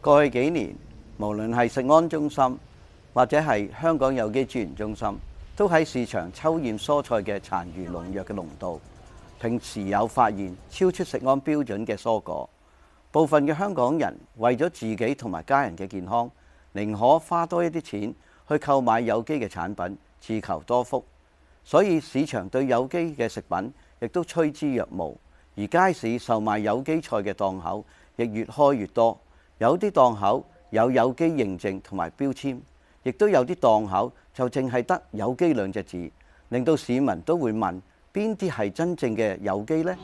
過去幾年，無論係食安中心或者係香港有機資源中心，都喺市場抽驗蔬菜嘅殘餘農藥嘅濃度，並時有發現超出食安標準嘅蔬果。部分嘅香港人為咗自己同埋家人嘅健康，寧可花多一啲錢去購買有機嘅產品，自求多福。所以市場對有機嘅食品亦都趨之若鶩，而街市售賣有機菜嘅檔口亦越開越多。有啲檔口有有機認證同埋標籤，亦都有啲檔口就淨係得有機兩隻字，令到市民都會問邊啲係真正嘅有機呢？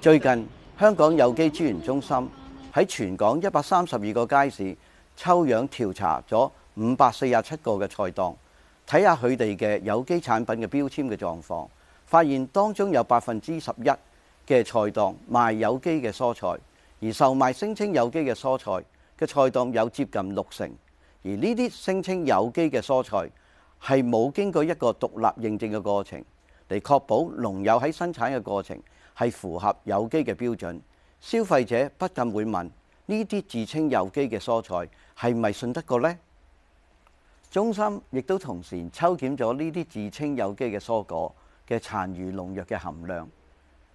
最近香港有機資源中心喺全港一百三十二個街市抽樣調查咗五百四十七個嘅菜檔，睇下佢哋嘅有機產品嘅標籤嘅狀況，發現當中有百分之十一嘅菜檔賣有機嘅蔬菜。而售賣聲稱有機嘅蔬菜嘅菜檔有接近六成，而呢啲聲稱有機嘅蔬菜係冇經過一個獨立認證嘅過程，嚟確保農友喺生產嘅過程係符合有機嘅標準。消費者不禁會問：「呢啲自稱有機嘅蔬菜係咪信得過呢？」中心亦都同時抽檢咗呢啲自稱有機嘅蔬果嘅殘餘農藥嘅含量，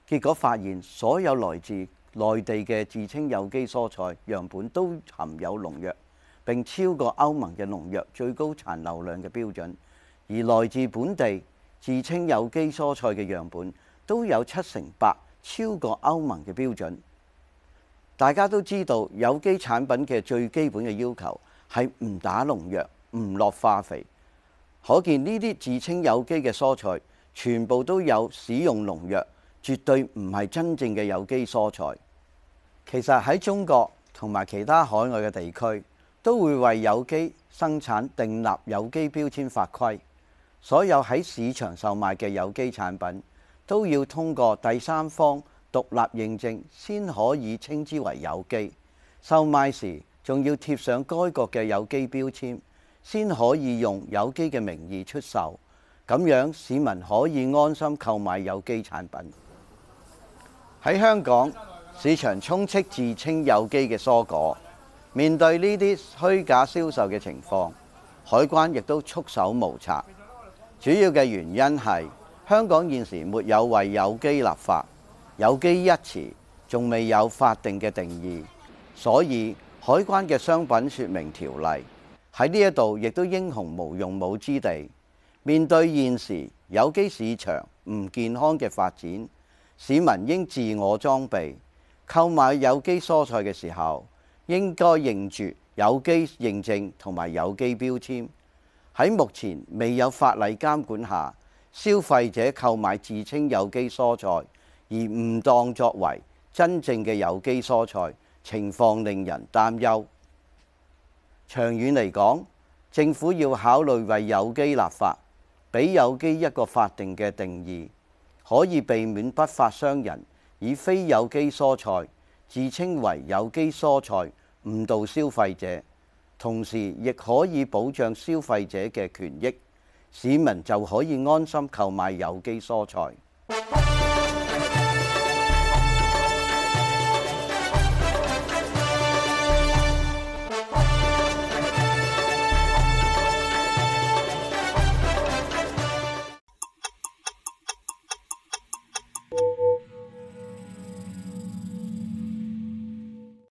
結果發現所有來自內地嘅自稱有機蔬菜樣本都含有農藥，並超過歐盟嘅農藥最高殘留量嘅標準。而來自本地自稱有機蔬菜嘅樣本都有七成八超過歐盟嘅標準。大家都知道有機產品嘅最基本嘅要求係唔打農藥、唔落化肥。可見呢啲自稱有機嘅蔬菜全部都有使用農藥，絕對唔係真正嘅有機蔬菜。其實喺中國同埋其他海外嘅地區，都會為有機生產訂立有機標籤法規。所有喺市場售賣嘅有機產品，都要通過第三方獨立認證，先可以稱之為有機。售賣時仲要貼上該國嘅有機標籤，先可以用有機嘅名義出售。咁樣，市民可以安心購買有機產品。喺香港，市場充斥自稱有機嘅蔬果，面對呢啲虛假銷售嘅情況，海關亦都束手無策。主要嘅原因係香港現時沒有為有機立法，有機一詞仲未有法定嘅定義，所以海關嘅商品説明條例喺呢一度亦都英雄無用武之地。面對現時有機市場唔健康嘅發展，市民應自我裝備。購買有機蔬菜嘅時候，應該認住有機認證同埋有機標籤。喺目前未有法例監管下，消費者購買自稱有機蔬菜，而唔當作為真正嘅有機蔬菜，情況令人擔憂。長遠嚟講，政府要考慮為有機立法，畀有機一個法定嘅定義，可以避免不法商人，以非有機蔬菜自稱為有機蔬菜，誤導消費者，同時亦可以保障消費者嘅權益，市民就可以安心購買有機蔬菜。